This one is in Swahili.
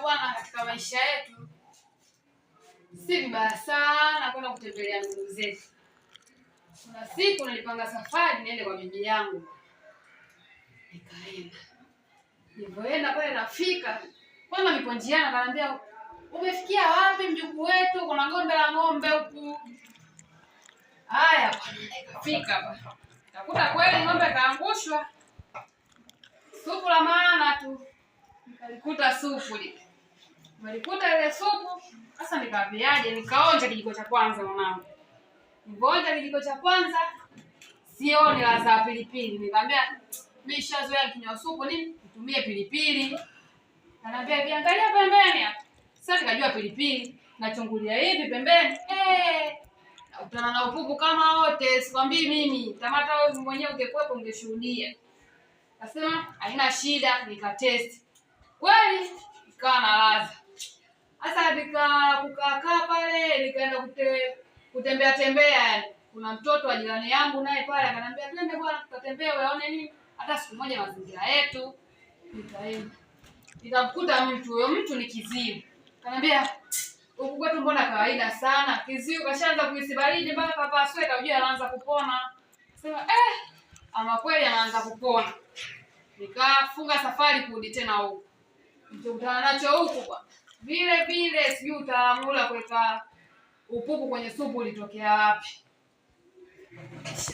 bwana, katika maisha yetu si vibaya sana kwenda kutembelea ndugu zetu. Kuna siku nilipanga safari niende kwa bibi yangu, nikaenda. Nilipoenda pale nafika, kwanza nipo njiani, akaniambia umefikia wapi mjukuu wetu? Kuna ng'ombe la ng'ombe huku. Haya nikafika hapa kweli ng'ombe kaangushwa, supu la maana tu, nikalikuta supu lile Nilikuta ile supu sasa, nikaviaje? Nikaonja kijiko cha kwanza, mwanangu. Nilipoonja kijiko cha kwanza, sioni ladha ya pilipili. Nikamwambia mimi shazoea kinywa supu, nini nitumie pilipili? Ananiambia viangalia pembeni hapa. Sasa nikajua pilipili, nachungulia hivi pembeni, eh, Hey! Utana na upupu kama wote. Sikwambii mimi, tamata wewe mwenyewe ungekuwepo ungeshuhudia. Nasema haina shida, nikatest. kweli, ikawa na ladha nika kukaakaa pale, nikaenda kute, kutembea tembea Kuna mtoto wa jirani yangu naye pale akanambia twende bwana tukatembee waone nini hata siku moja mazingira yetu. Nikaenda nikamkuta mtu huyo, mtu ni kiziwi, kanambia huku kwetu mbona kawaida sana, kiziwi kashaanza kuhisi baridi mpaka kavaa sweta, ujue anaanza kupona. Sema eh, ama kweli anaanza kupona. Nikafunga safari kurudi tena huku, nichokutana nacho huku vile vile, sijui utaamula kuweka upupu kwenye supu ulitokea wapi?